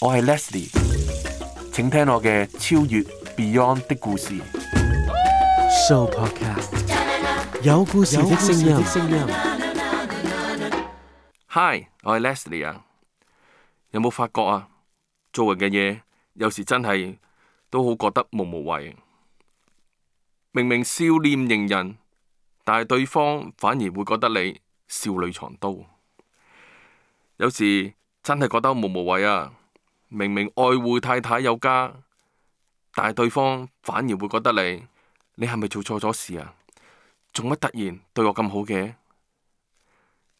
我係 Leslie，請聽我嘅超越 Beyond 的故事。So podcast 有故事的聲音。Hi，我係 Leslie 啊，有冇發覺啊？做人嘅嘢有時真係都好覺得無無謂，明明笑臉迎人，但係對方反而會覺得你笑裏藏刀。有時真係覺得無無謂啊！明明愛護太太有加，但係對方反而會覺得你你係咪做錯咗事啊？做乜突然對我咁好嘅？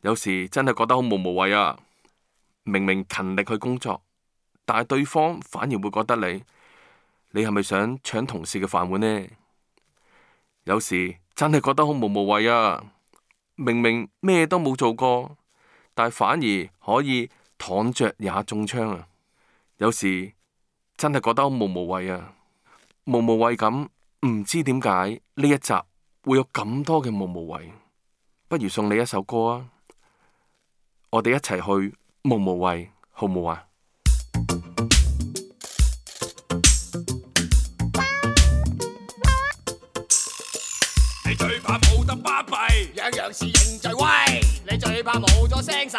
有時真係覺得好無無謂啊！明明勤力去工作，但係對方反而會覺得你你係咪想搶同事嘅飯碗呢？有時真係覺得好無無謂啊！明明咩都冇做過，但係反而可以躺着也中槍啊！有時真係覺得無無謂啊，無無謂咁，唔知點解呢一集會有咁多嘅無無謂，不如送你一首歌啊，我哋一齊去無無謂，好唔好啊？你你最最怕怕冇冇得巴閉威。咗聲勢